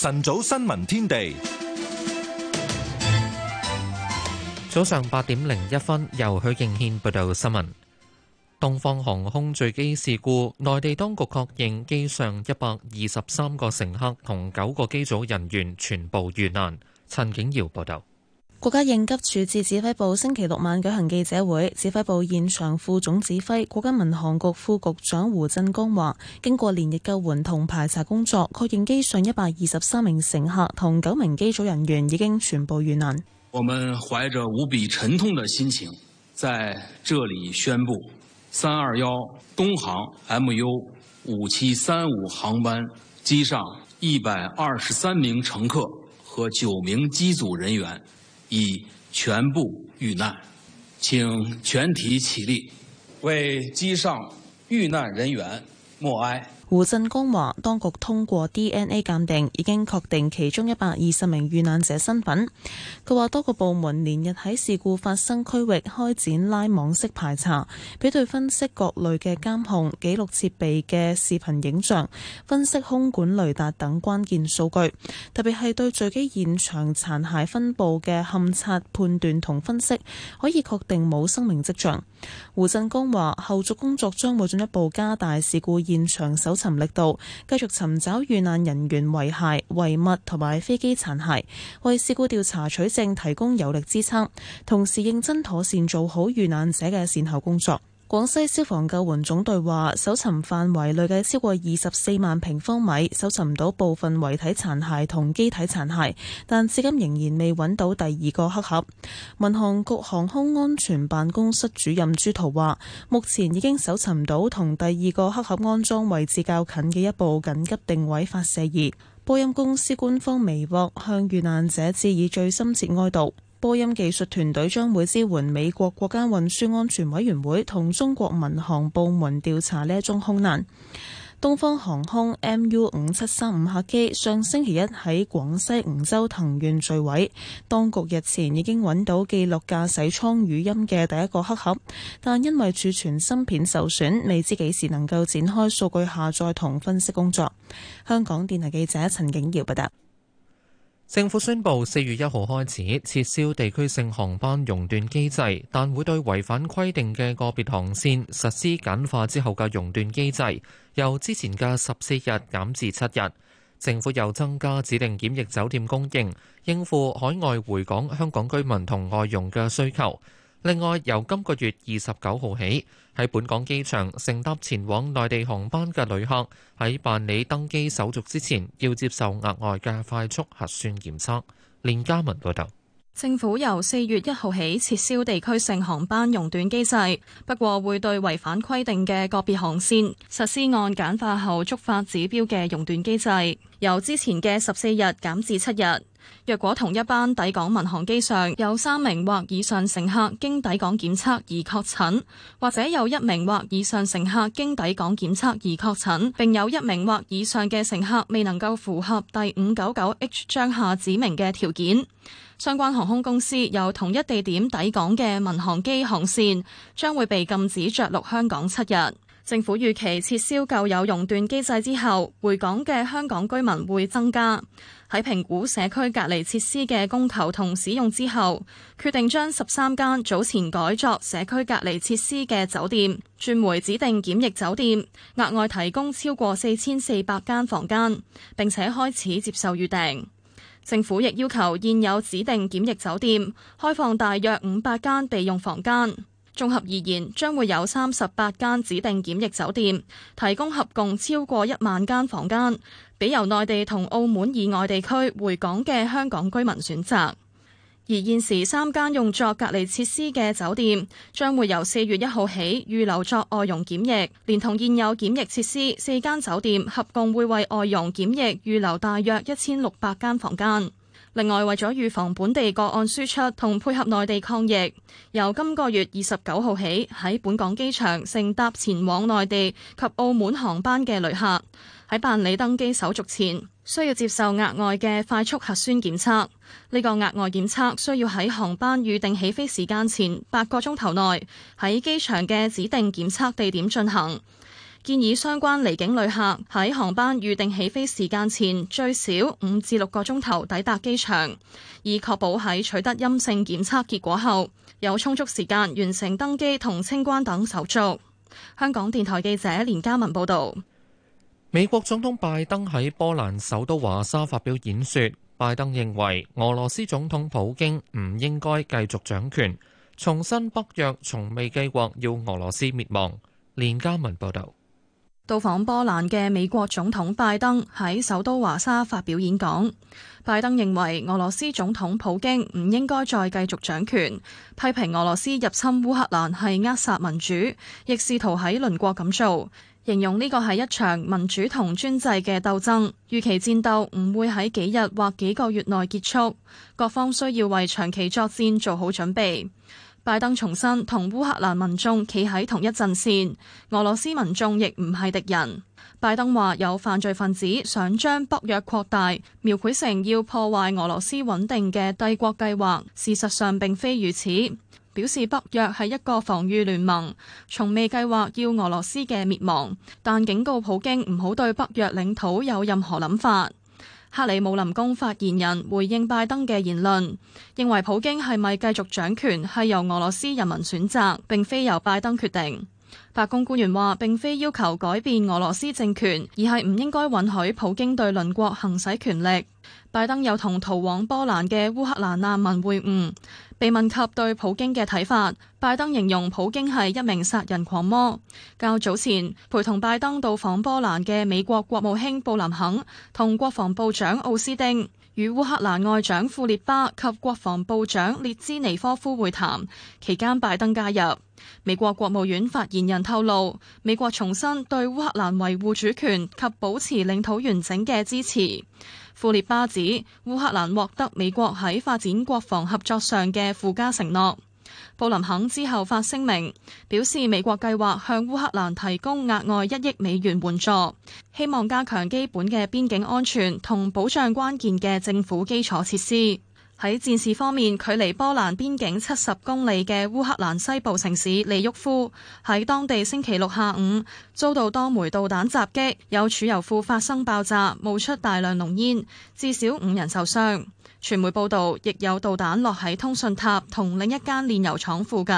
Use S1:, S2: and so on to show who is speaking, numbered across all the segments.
S1: 晨早新聞天地，早上八點零一分，由許應軒報道新聞。東方航空墜機事故，內地當局確認機上一百二十三個乘客同九個機組人員全部遇難。陳景堯報道。
S2: 國家應急處置指揮部星期六晚舉行記者會，指揮部現場副總指揮國家民航局副局長胡振江話：經過連日救援同排查工作，確認機上一百二十三名乘客同九名機組人員已經全部遇難。
S3: 我們懷着無比沉痛的心情，在這裡宣布，三二一，東航 MU 五七三五航班機上一百二十三名乘客和九名機組人員，已全部遇難，請全體起立，為機上遇難人員
S2: 默哀。胡振光話當局通過 DNA 鑒定已經確定其中一百二十名遇難者身份。佢話多個部門連日喺事故發生區域開展拉網式排查，比對分析各類嘅監控記錄設備嘅視頻影像，分析空管雷達等關鍵數據，特別係對墜機現場殘骸分布嘅勘察判斷同分析，可以確定冇生命跡象。胡振光話後續工作將會進一步加大事故現場搜尋力度，繼續尋找遇難人員遺骸、遺物同埋飛機殘骸，為事故調查取證提供有力支撐，同時認真妥善做好遇難者嘅善後工作。廣西消防救援總隊話，搜尋範圍累計超過二十四萬平方米，搜尋到部分遺體殘骸同機體殘骸，但至今仍然未揾到第二個黑盒。民航局航空安全辦公室主任朱濤話，目前已經搜尋到同第二個黑盒安裝位置較近嘅一部緊急定位發射儀。波音公司官方微博向遇難者致以最深切哀悼。波音技術團隊將會支援美國國家運輸安全委員會同中國民航部門調查呢一宗空難。東方航空 MU 五七三五客機上星期一喺廣西梧州藤縣墜毀，當局日前已經揾到記錄駕駛艙語音嘅第一個黑盒，但因為儲存芯片受損，未知幾時能夠展開數據下載同分析工作。香港電台記者陳景耀報道。
S1: 政府宣布四月一號開始撤銷地區性航班熔斷機制，但會對違反規定嘅個別航線實施簡化之後嘅熔斷機制，由之前嘅十四日減至七日。政府又增加指定檢疫酒店供應，應付海外回港香港居民同外傭嘅需求。另外，由今個月二十九號起，喺本港機場乘搭前往內地航班嘅旅客，喺辦理登機手續之前，要接受額外嘅快速核酸檢測。連家文報導，
S4: 政府由四月一號起撤銷地區性航班熔斷機制，不過會對違反規定嘅個別航線實施按簡化後觸發指標嘅熔斷機制。由之前嘅十四日減至七日。若果同一班抵港民航機上有三名或以上乘客經抵港檢測而確診，或者有一名或以上乘客經抵港檢測而確診，並有一名或以上嘅乘客未能夠符合第五九九 H 章下指明嘅條件，相關航空公司由同一地點抵港嘅民航機航線將會被禁止着陸香港七日。政府預期撤銷舊有熔斷機制之後，回港嘅香港居民會增加。喺評估社區隔離設施嘅供求同使用之後，決定將十三間早前改作社區隔離設施嘅酒店轉回指定檢疫酒店，額外提供超過四千四百間房間，並且開始接受預訂。政府亦要求現有指定檢疫酒店開放大約五百間備用房間。綜合而言，將會有三十八間指定檢疫酒店提供合共超過一萬間房間，俾由內地同澳門以外地區回港嘅香港居民選擇。而現時三間用作隔離設施嘅酒店，將會由四月一號起預留作外傭檢疫，連同現有檢疫設施四間酒店，合共會為外傭檢疫預留大約一千六百間房間。另外，為咗預防本地個案輸出同配合內地抗疫，由今個月二十九號起，喺本港機場乘搭前往內地及澳門航班嘅旅客，喺辦理登機手續前，需要接受額外嘅快速核酸檢測。呢個額外檢測需要喺航班預定起飛時間前八個鐘頭內，喺機場嘅指定檢測地點進行。建議相關離境旅客喺航班預定起飛時間前最少五至六個鐘頭抵達機場，以確保喺取得陰性檢測結果後有充足時間完成登機同清關等手續。香港電台記者連嘉文報道。
S1: 美國總統拜登喺波蘭首都華沙發表演說，拜登認為俄羅斯總統普京唔應該繼續掌權，重申北約從未計劃要俄羅斯滅亡。連嘉文報道。
S4: 到訪波蘭嘅美國總統拜登喺首都華沙發表演講。拜登認為俄羅斯總統普京唔應該再繼續掌權，批評俄羅斯入侵烏克蘭係扼殺民主，亦試圖喺鄰國咁做，形容呢個係一場民主同專制嘅鬥爭。預期戰鬥唔會喺幾日或幾個月內結束，各方需要為長期作戰做好準備。拜登重申同烏克蘭民眾企喺同一陣線，俄羅斯民眾亦唔係敵人。拜登話有犯罪分子想將北約擴大，描繪成要破壞俄羅斯穩定嘅帝國計劃，事實上並非如此。表示北約係一個防禦聯盟，從未計劃要俄羅斯嘅滅亡，但警告普京唔好對北約領土有任何諗法。克里姆林宮發言人回應拜登嘅言論，認為普京係咪繼續掌權係由俄羅斯人民選擇，並非由拜登決定。白宮官員話，並非要求改變俄羅斯政權，而係唔應該允許普京對鄰國行使權力。拜登又同逃往波蘭嘅烏克蘭難民會晤，被問及對普京嘅睇法，拜登形容普京係一名殺人狂魔。較早前陪同拜登到訪波蘭嘅美國國務卿布林肯同國防部長奧斯丁與烏克蘭外長庫列巴及國防部長列茲尼科夫會談期間，拜登加入。美國國務院發言人透露，美國重申對烏克蘭維護主權及保持領土完整嘅支持。庫列巴指烏克蘭獲得美國喺發展國防合作上嘅附加承諾。布林肯之後發聲明，表示美國計劃向烏克蘭提供額外一億美元援助，希望加強基本嘅邊境安全同保障關鍵嘅政府基礎設施。喺戰事方面，距離波蘭邊境七十公里嘅烏克蘭西部城市利沃夫喺當地星期六下午遭到多枚導彈襲擊，有儲油庫發生爆炸，冒出大量濃煙，至少五人受傷。傳媒報道亦有導彈落喺通訊塔同另一間煉油廠附近。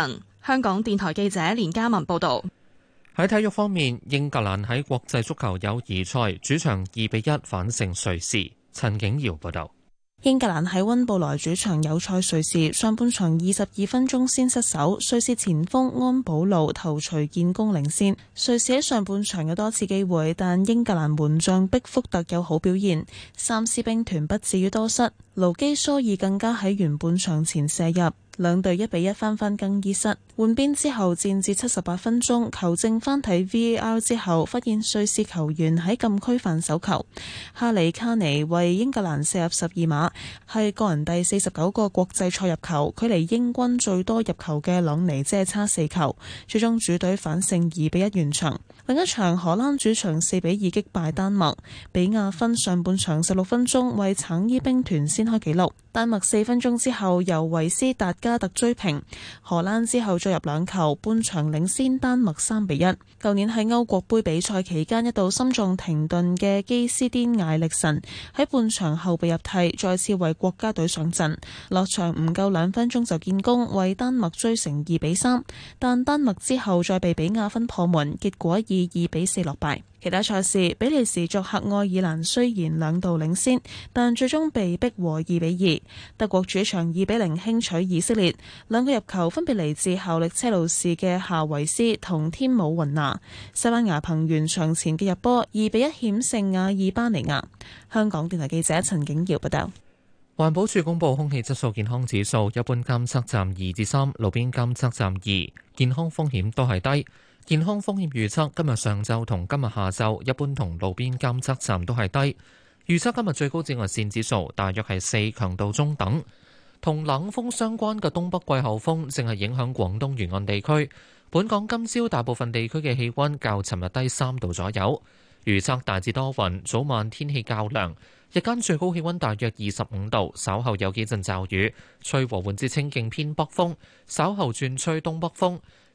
S4: 香港電台記者連嘉文報導。
S1: 喺體育方面，英格蘭喺國際足球友誼賽主場二比一反勝瑞士。陳景堯報道。
S2: 英格蘭喺溫布萊主場友賽瑞士，上半場二十二分鐘先失守，瑞士前鋒安保路頭槌建功領先。瑞士喺上半場有多次機會，但英格蘭門將畢福特有好表現，三獅兵團不至於多失。勞基蘇爾更加喺完半場前射入。兩隊一比一翻返更衣室，換邊之後戰至七十八分鐘，球證翻睇 VAR 之後，發現瑞士球員喺禁區犯手球。哈里卡尼為英格蘭射入十二碼，係個人第四十九個國際賽入球，距離英軍最多入球嘅朗尼只係差四球。最終主隊反勝二比一完場。上一場荷蘭主場四比二擊敗丹麥，比亞芬上半場十六分鐘為橙衣兵團先開紀錄，丹麥四分鐘之後由維斯達加特追平，荷蘭之後再入兩球，半場領先丹麥三比一。舊年喺歐國盃比賽期間一度心臟停頓嘅基斯甸艾力神喺半場後備入替，再次為國家隊上陣，落場唔夠兩分鐘就建功，為丹麥追成二比三，但丹麥之後再被比亞芬破門，結果以以二比四落敗。其他賽事，比利時作客愛爾蘭，雖然兩度領先，但最終被逼和二比二。德國主場二比零輕取以色列，兩個入球分別嚟自效力車路士嘅夏維斯同天母雲拿。西班牙憑完場前嘅入波二比一險勝亞爾巴尼亞。香港電台記者陳景耀報道。
S1: 環保署公布空氣質素健康指數，一般監測站二至三，路邊監測站二，健康風險都係低。健康風險預測今日上晝同今日下晝一般，同路邊監測站都係低。預測今日最高紫外線指數大約係四強度中等。同冷風相關嘅東北季候風正係影響廣東沿岸地區。本港今朝大部分地區嘅氣温較尋日低三度左右。預測大致多雲，早晚天氣較涼，日間最高氣温大約二十五度。稍後有幾陣驟雨，吹和緩至清勁偏北風，稍後轉吹東北風。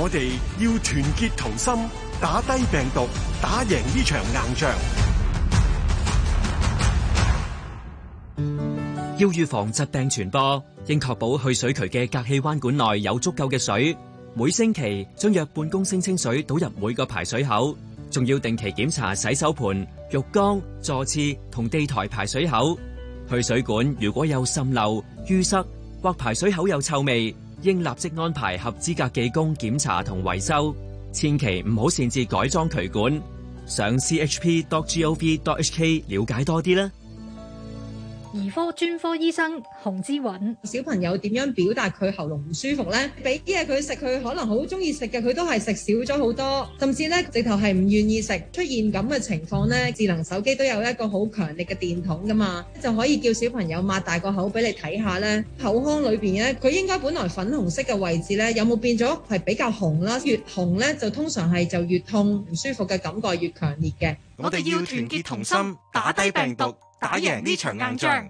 S3: 我哋要團結同心，打低病毒，打贏呢場硬仗。要預防疾病傳播，應確保去水渠嘅隔氣彎管內有足夠嘅水。每星期將約半公升清水倒入每個排水口，仲要定期檢查洗手盆、浴缸、坐廁同地台排水口。去水管如果有滲漏、淤塞或排水口有臭味，應立即安排合資格技工檢查同維修，千祈唔好擅自改裝渠管。上 chp.gov.hk 了解多啲啦。
S4: 兒科專科醫生洪之韻，小朋友點樣表達佢喉嚨唔舒服呢？俾啲嘢佢食，佢可能好中意食嘅，佢都係食少咗
S2: 好多，甚至咧直頭係唔願意食。出現咁嘅情況呢，智能手機都有一個好強力嘅電筒㗎嘛，就可以叫小朋友擘大個口俾你睇下咧，口腔裏面呢，佢應該本來粉紅色嘅位置呢，有冇變咗係比較紅啦？越紅呢，就通常係就越痛，唔舒服嘅感覺越強烈嘅。
S1: 我哋要團結同心，打低病毒，打贏呢場硬
S3: 仗。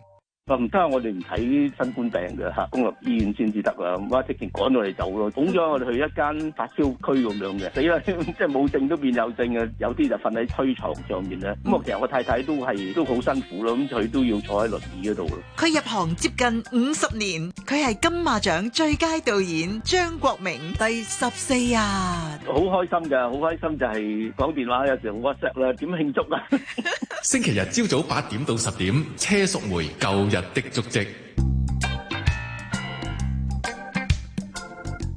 S3: 唔得啊！我哋唔睇新冠病嘅嚇，公立醫院先至得啦。咁哇，即刻趕咗嚟走咯，趕咗我哋去一間發燒區咁樣嘅，死啦！ 即係冇症都變有症嘅，有啲就瞓喺推床上面咧。咁我、嗯、其實我太太都係都好辛苦咯，咁佢都要坐喺輪椅嗰度。
S5: 佢入行接近五十年，佢係金馬獎最佳導演張國明第十四啊！
S3: 好開心㗎，好開心就係、是、講電話有時 WhatsApp 啦，點慶祝啊？
S1: 星期日朝早八點到十點，車淑梅舊日的足迹。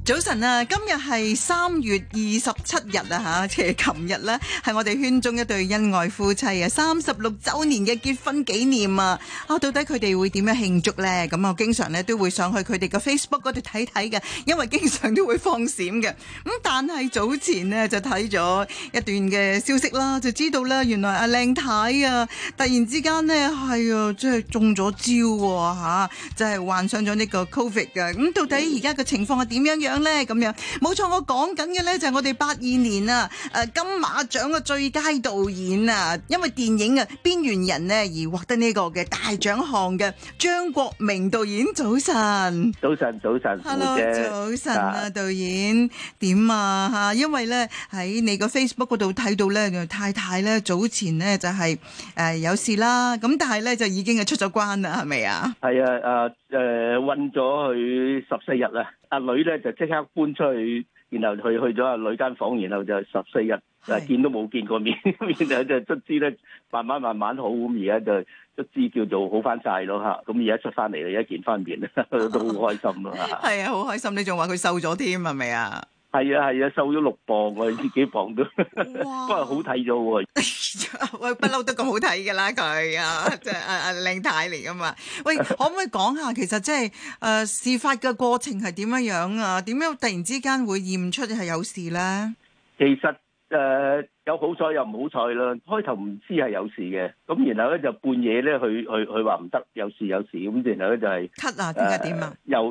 S5: 早晨啊！今日係三月二十七日啊吓，且琴日咧係我哋圈中一對恩愛夫妻啊，三十六周年嘅結婚紀念啊！啊，到底佢哋會點樣慶祝咧？咁我經常咧都會上去佢哋嘅 Facebook 度睇睇嘅，因為經常都會放閃嘅。咁、嗯、但係早前咧就睇咗一段嘅消息啦，就知道啦，原來阿靚太太啊突然之間咧係啊，即係中咗招吓，即係患上咗呢個 Covid 嘅、啊。咁、嗯、到底而家嘅情況係點樣樣？咧咁樣，冇錯，我講緊嘅咧就係我哋八二年啊，誒金馬獎嘅最佳導演啊，因為電影嘅《邊緣人》咧而獲得呢個嘅大獎項嘅張國明導演，早晨，
S3: 早晨，早晨，Hello，早晨啊，啊
S5: 導演，點啊吓？因為咧喺你個 Facebook 嗰度睇到咧，太太咧早前呢就係誒有事啦，咁但係咧就已經係出咗關啦，係咪啊？
S3: 係啊，誒。誒、呃，困咗佢十四日啦，阿女咧就即刻搬出去，然後去去咗阿女間房間，然後就十四日，誒是見都冇見過面，然後就即係卒之咧，慢慢慢慢好，咁而家就卒之叫做好翻晒咯吓，咁而家出翻嚟而家見翻面咧都好開心啦
S5: 吓。係、哦、 啊，好開心！你仲話佢瘦咗添係咪啊？
S3: 係啊係啊，瘦咗六磅，我自己磅都，不 過哇 好睇咗喎。
S5: 喂，不嬲都咁好睇嘅啦，佢啊，即係誒誒，靚太嚟噶嘛？喂，可唔可以講下，其實即係誒，事發嘅過程係點樣樣啊？點樣突然之間會驗出係有事咧？
S3: 其實誒，有好彩又唔好彩啦。開頭唔知係有事嘅，咁然後咧就半夜咧，佢佢佢話唔得，有事有事。咁然後咧就係咳
S5: 啊，點解點
S3: 啊？又。